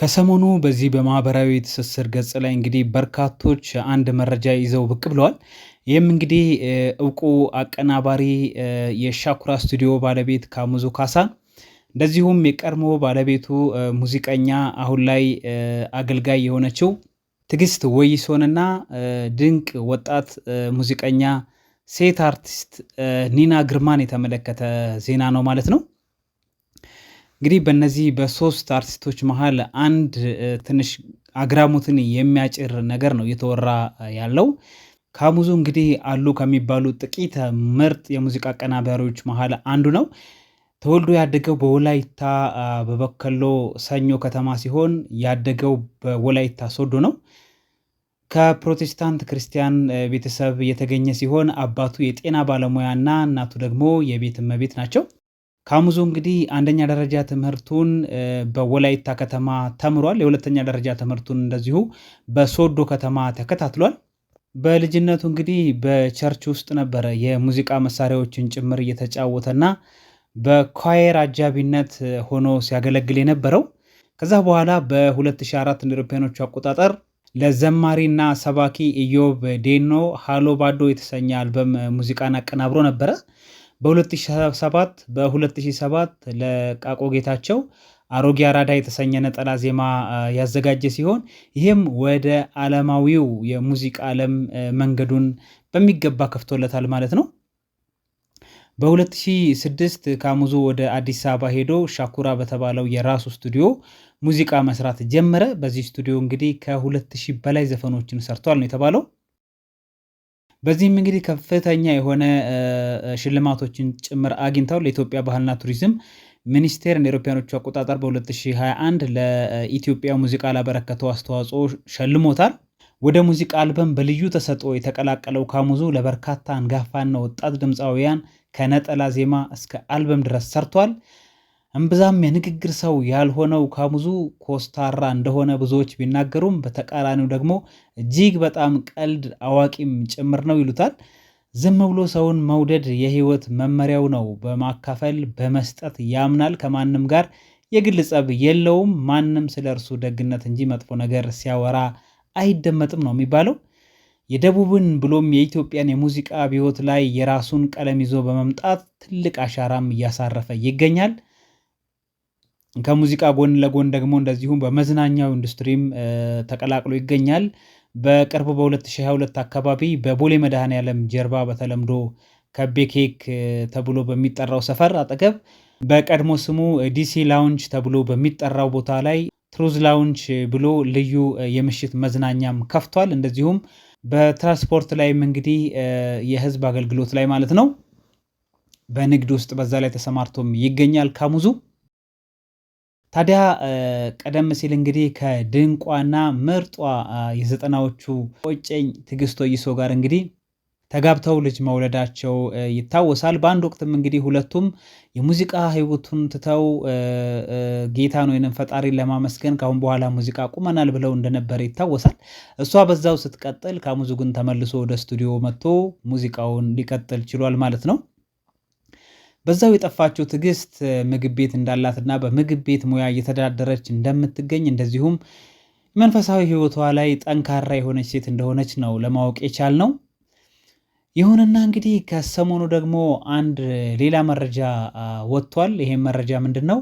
ከሰሞኑ በዚህ በማህበራዊ ትስስር ገጽ ላይ እንግዲህ በርካቶች አንድ መረጃ ይዘው ብቅ ብለዋል። ይህም እንግዲህ እውቁ አቀናባሪ የሻኩራ ስቱዲዮ ባለቤት ካሙዙ ካሳ እንደዚሁም የቀድሞ ባለቤቱ ሙዚቀኛ አሁን ላይ አገልጋይ የሆነችው ትግስት ወይሶንና ድንቅ ወጣት ሙዚቀኛ ሴት አርቲስት ኒና ግርማን የተመለከተ ዜና ነው ማለት ነው። እንግዲህ በእነዚህ በሶስት አርቲስቶች መሀል አንድ ትንሽ አግራሞትን የሚያጭር ነገር ነው እየተወራ ያለው። ካሙዙ እንግዲህ አሉ ከሚባሉ ጥቂት ምርጥ የሙዚቃ አቀናባሪዎች መሀል አንዱ ነው። ተወልዶ ያደገው በወላይታ በበከሎ ሰኞ ከተማ ሲሆን ያደገው በወላይታ ሶዶ ነው። ከፕሮቴስታንት ክርስቲያን ቤተሰብ የተገኘ ሲሆን አባቱ የጤና ባለሙያ እና እናቱ ደግሞ የቤት እመቤት ናቸው። ካሙዙ እንግዲህ አንደኛ ደረጃ ትምህርቱን በወላይታ ከተማ ተምሯል። የሁለተኛ ደረጃ ትምህርቱን እንደዚሁ በሶዶ ከተማ ተከታትሏል። በልጅነቱ እንግዲህ በቸርች ውስጥ ነበረ የሙዚቃ መሳሪያዎችን ጭምር እየተጫወተና በኳየር አጃቢነት ሆኖ ሲያገለግል የነበረው ከዛ በኋላ በ2004 እንደ አውሮፓውያኖቹ አቆጣጠር ለዘማሪና ሰባኪ ኢዮብ ዴኖ ሃሎ ባዶ የተሰኘ አልበም ሙዚቃን አቀናብሮ ነበረ። በ2007 በ2007 ለቃቆ ጌታቸው አሮጌ አራዳ የተሰኘ ነጠላ ዜማ ያዘጋጀ ሲሆን ይህም ወደ ዓለማዊው የሙዚቃ ዓለም መንገዱን በሚገባ ከፍቶለታል ማለት ነው። በ2006 ካሙዙ ወደ አዲስ አበባ ሄዶ ሻኩራ በተባለው የራሱ ስቱዲዮ ሙዚቃ መስራት ጀመረ። በዚህ ስቱዲዮ እንግዲህ ከ2000 በላይ ዘፈኖችን ሰርቷል ነው የተባለው። በዚህም እንግዲህ ከፍተኛ የሆነ ሽልማቶችን ጭምር አግኝተው ለኢትዮጵያ ባህልና ቱሪዝም ሚኒስቴር እንደ አውሮፓውያኖቹ አቆጣጠር በ2021 ለኢትዮጵያ ሙዚቃ ላበረከተው አስተዋጽኦ ሸልሞታል። ወደ ሙዚቃ አልበም በልዩ ተሰጥኦ የተቀላቀለው ካሙዙ ለበርካታ አንጋፋና ወጣት ድምፃውያን ከነጠላ ዜማ እስከ አልበም ድረስ ሰርቷል። እምብዛም የንግግር ሰው ያልሆነው ካሙዙ ኮስታራ እንደሆነ ብዙዎች ቢናገሩም በተቃራኒው ደግሞ እጅግ በጣም ቀልድ አዋቂም ጭምር ነው ይሉታል። ዝም ብሎ ሰውን መውደድ የህይወት መመሪያው ነው። በማካፈል በመስጠት ያምናል። ከማንም ጋር የግል ጸብ የለውም። ማንም ስለ እርሱ ደግነት እንጂ መጥፎ ነገር ሲያወራ አይደመጥም ነው የሚባለው። የደቡብን ብሎም የኢትዮጵያን የሙዚቃ አብዮት ላይ የራሱን ቀለም ይዞ በመምጣት ትልቅ አሻራም እያሳረፈ ይገኛል። ከሙዚቃ ጎን ለጎን ደግሞ እንደዚሁም በመዝናኛው ኢንዱስትሪም ተቀላቅሎ ይገኛል። በቅርቡ በ2022 አካባቢ በቦሌ መድኃኔዓለም ጀርባ በተለምዶ ከቤ ኬክ ተብሎ በሚጠራው ሰፈር አጠገብ በቀድሞ ስሙ ዲሲ ላውንች ተብሎ በሚጠራው ቦታ ላይ ትሩዝ ላውንች ብሎ ልዩ የምሽት መዝናኛም ከፍቷል። እንደዚሁም በትራንስፖርት ላይም እንግዲህ የህዝብ አገልግሎት ላይ ማለት ነው በንግድ ውስጥ በዛ ላይ ተሰማርቶም ይገኛል ካሙዙ ታዲያ ቀደም ሲል እንግዲህ ከድንቋና ምርጧ የዘጠናዎቹ ቆጨኝ ትግስቶ ይሶ ጋር እንግዲህ ተጋብተው ልጅ መውለዳቸው ይታወሳል። በአንድ ወቅትም እንግዲህ ሁለቱም የሙዚቃ ሕይወቱን ትተው ጌታን ወይንም ፈጣሪ ለማመስገን ካሁን በኋላ ሙዚቃ ቁመናል ብለው እንደነበረ ይታወሳል። እሷ በዛው ስትቀጥል ካሙዙ ግን ተመልሶ ወደ ስቱዲዮ መጥቶ ሙዚቃውን ሊቀጥል ችሏል ማለት ነው። በዛው የጠፋችው ትዕግስት ምግብ ቤት እንዳላትና በምግብ ቤት ሙያ እየተዳደረች እንደምትገኝ እንደዚሁም መንፈሳዊ ሕይወቷ ላይ ጠንካራ የሆነች ሴት እንደሆነች ነው ለማወቅ የቻልነው። ይሁንና እንግዲህ ከሰሞኑ ደግሞ አንድ ሌላ መረጃ ወጥቷል። ይሄም መረጃ ምንድን ነው?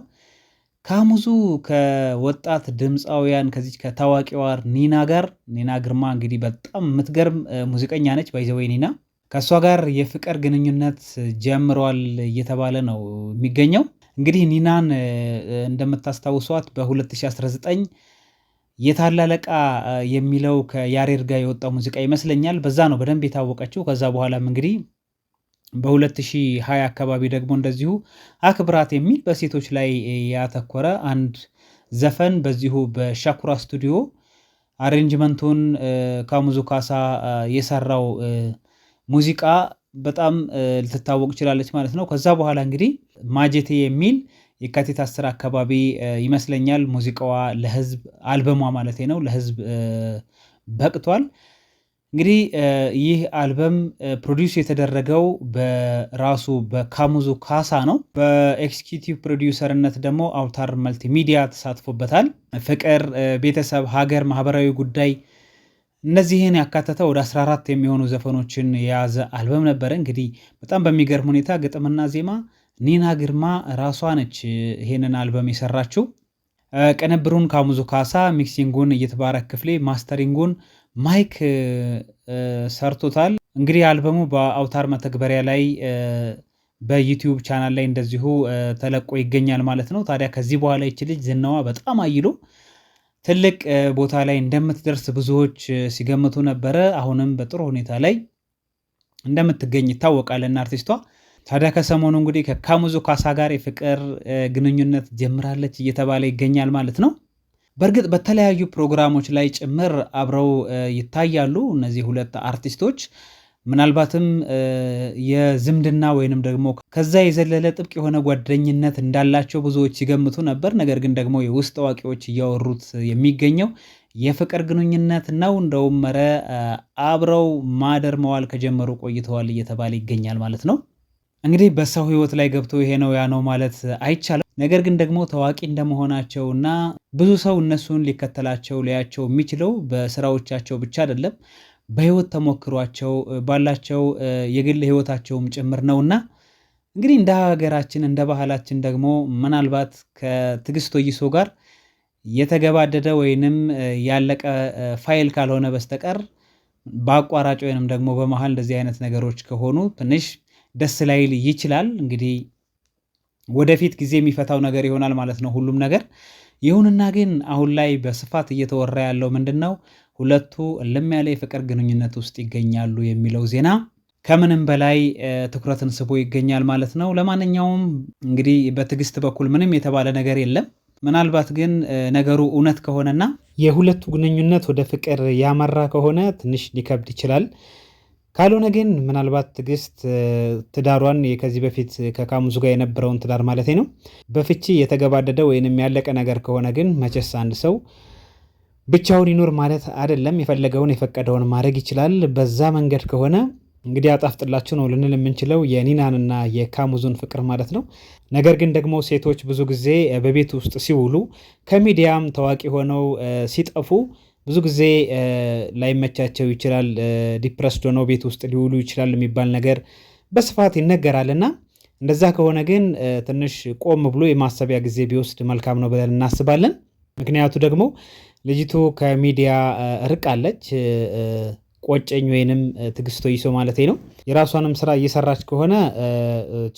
ከአሙዙ ከወጣት ድምፃውያን ከዚች ከታዋቂዋ ኒና ጋር ኒና ግርማ እንግዲህ በጣም የምትገርም ሙዚቀኛ ነች። ባይዘወይ ኒና ከእሷ ጋር የፍቅር ግንኙነት ጀምሯል እየተባለ ነው የሚገኘው። እንግዲህ ኒናን እንደምታስታውሷት በ2019 የታላለቃ የሚለው ከያሬድ ጋር የወጣው ሙዚቃ ይመስለኛል። በዛ ነው በደንብ የታወቀችው። ከዛ በኋላም እንግዲህ በ2020 አካባቢ ደግሞ እንደዚሁ አክብራት የሚል በሴቶች ላይ ያተኮረ አንድ ዘፈን በዚሁ በሻኩራ ስቱዲዮ አሬንጅመንቱን ካሙዙ ካሳ የሰራው ሙዚቃ በጣም ልትታወቅ ችላለች ማለት ነው። ከዛ በኋላ እንግዲህ ማጀቴ የሚል የካቲት አስር አካባቢ ይመስለኛል ሙዚቃዋ ለህዝብ አልበሟ ማለት ነው ለህዝብ በቅቷል። እንግዲህ ይህ አልበም ፕሮዲውስ የተደረገው በራሱ በካሙዙ ካሳ ነው። በኤክስኪዩቲቭ ፕሮዲውሰርነት ደግሞ አውታር መልቲሚዲያ ተሳትፎበታል። ፍቅር፣ ቤተሰብ፣ ሀገር፣ ማህበራዊ ጉዳይ እነዚህን ያካተተ ወደ 14 የሚሆኑ ዘፈኖችን የያዘ አልበም ነበረ። እንግዲህ በጣም በሚገርም ሁኔታ ግጥምና ዜማ ኒና ግርማ ራሷ ነች ይህንን አልበም የሰራችው። ቅንብሩን ካሙዙ ካሳ፣ ሚክሲንጉን እየተባረክ ክፍሌ፣ ማስተሪንጉን ማይክ ሰርቶታል። እንግዲህ አልበሙ በአውታር መተግበሪያ ላይ በዩቲዩብ ቻናል ላይ እንደዚሁ ተለቆ ይገኛል ማለት ነው። ታዲያ ከዚህ በኋላ ይች ልጅ ዝናዋ በጣም አይሎ ትልቅ ቦታ ላይ እንደምትደርስ ብዙዎች ሲገምቱ ነበረ። አሁንም በጥሩ ሁኔታ ላይ እንደምትገኝ ይታወቃልና አርቲስቷ ታዲያ ከሰሞኑ እንግዲህ ከካሙዙ ካሳ ጋር የፍቅር ግንኙነት ጀምራለች እየተባለ ይገኛል ማለት ነው። በእርግጥ በተለያዩ ፕሮግራሞች ላይ ጭምር አብረው ይታያሉ እነዚህ ሁለት አርቲስቶች። ምናልባትም የዝምድና ወይንም ደግሞ ከዛ የዘለለ ጥብቅ የሆነ ጓደኝነት እንዳላቸው ብዙዎች ሲገምቱ ነበር። ነገር ግን ደግሞ የውስጥ አዋቂዎች እያወሩት የሚገኘው የፍቅር ግንኙነት ነው። እንደውም መረ አብረው ማደር መዋል ከጀመሩ ቆይተዋል እየተባለ ይገኛል ማለት ነው። እንግዲህ በሰው ህይወት ላይ ገብቶ ይሄ ነው ያ ነው ማለት አይቻልም። ነገር ግን ደግሞ ታዋቂ እንደመሆናቸው እና ብዙ ሰው እነሱን ሊከተላቸው ሊያቸው የሚችለው በስራዎቻቸው ብቻ አይደለም በህይወት ተሞክሯቸው ባላቸው የግል ህይወታቸውም ጭምር ነውና እንግዲህ እንደ ሀገራችን እንደ ባህላችን ደግሞ ምናልባት ከትዕግስት ወይሶ ጋር የተገባደደ ወይንም ያለቀ ፋይል ካልሆነ በስተቀር በአቋራጭ ወይንም ደግሞ በመሀል እንደዚህ አይነት ነገሮች ከሆኑ ትንሽ ደስ ላይል ይችላል። እንግዲህ ወደፊት ጊዜ የሚፈታው ነገር ይሆናል ማለት ነው ሁሉም ነገር። ይሁንና ግን አሁን ላይ በስፋት እየተወራ ያለው ምንድን ነው? ሁለቱ እልም ያለ የፍቅር ግንኙነት ውስጥ ይገኛሉ የሚለው ዜና ከምንም በላይ ትኩረትን ስቦ ይገኛል ማለት ነው። ለማንኛውም እንግዲህ በትዕግስት በኩል ምንም የተባለ ነገር የለም። ምናልባት ግን ነገሩ እውነት ከሆነና የሁለቱ ግንኙነት ወደ ፍቅር ያመራ ከሆነ ትንሽ ሊከብድ ይችላል። ካልሆነ ግን ምናልባት ትዕግስት ትዳሯን ከዚህ በፊት ከካሙዙ ጋር የነበረውን ትዳር ማለት ነው በፍቺ የተገባደደ ወይንም ያለቀ ነገር ከሆነ ግን መቼስ አንድ ሰው ብቻውን ይኖር ማለት አይደለም። የፈለገውን የፈቀደውን ማድረግ ይችላል። በዛ መንገድ ከሆነ እንግዲህ አጣፍጥላችሁ ነው ልንል የምንችለው የኒናንና የካሙዙን ፍቅር ማለት ነው። ነገር ግን ደግሞ ሴቶች ብዙ ጊዜ በቤት ውስጥ ሲውሉ ከሚዲያም ታዋቂ ሆነው ሲጠፉ ብዙ ጊዜ ላይመቻቸው ይችላል። ዲፕረስድ ሆነው ቤት ውስጥ ሊውሉ ይችላል የሚባል ነገር በስፋት ይነገራልና እንደዛ ከሆነ ግን ትንሽ ቆም ብሎ የማሰቢያ ጊዜ ቢወስድ መልካም ነው ብለን እናስባለን። ምክንያቱ ደግሞ ልጅቱ ከሚዲያ ርቃለች። ቆጨኝ ወይንም ትግስቶ ይሶ ማለቴ ነው። የራሷንም ስራ እየሰራች ከሆነ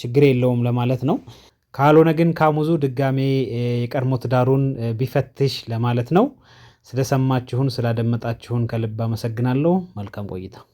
ችግር የለውም ለማለት ነው። ካልሆነ ግን ካሙዙ ድጋሜ የቀድሞ ትዳሩን ቢፈትሽ ለማለት ነው። ስለሰማችሁን ስላደመጣችሁን ከልብ አመሰግናለሁ። መልካም ቆይታ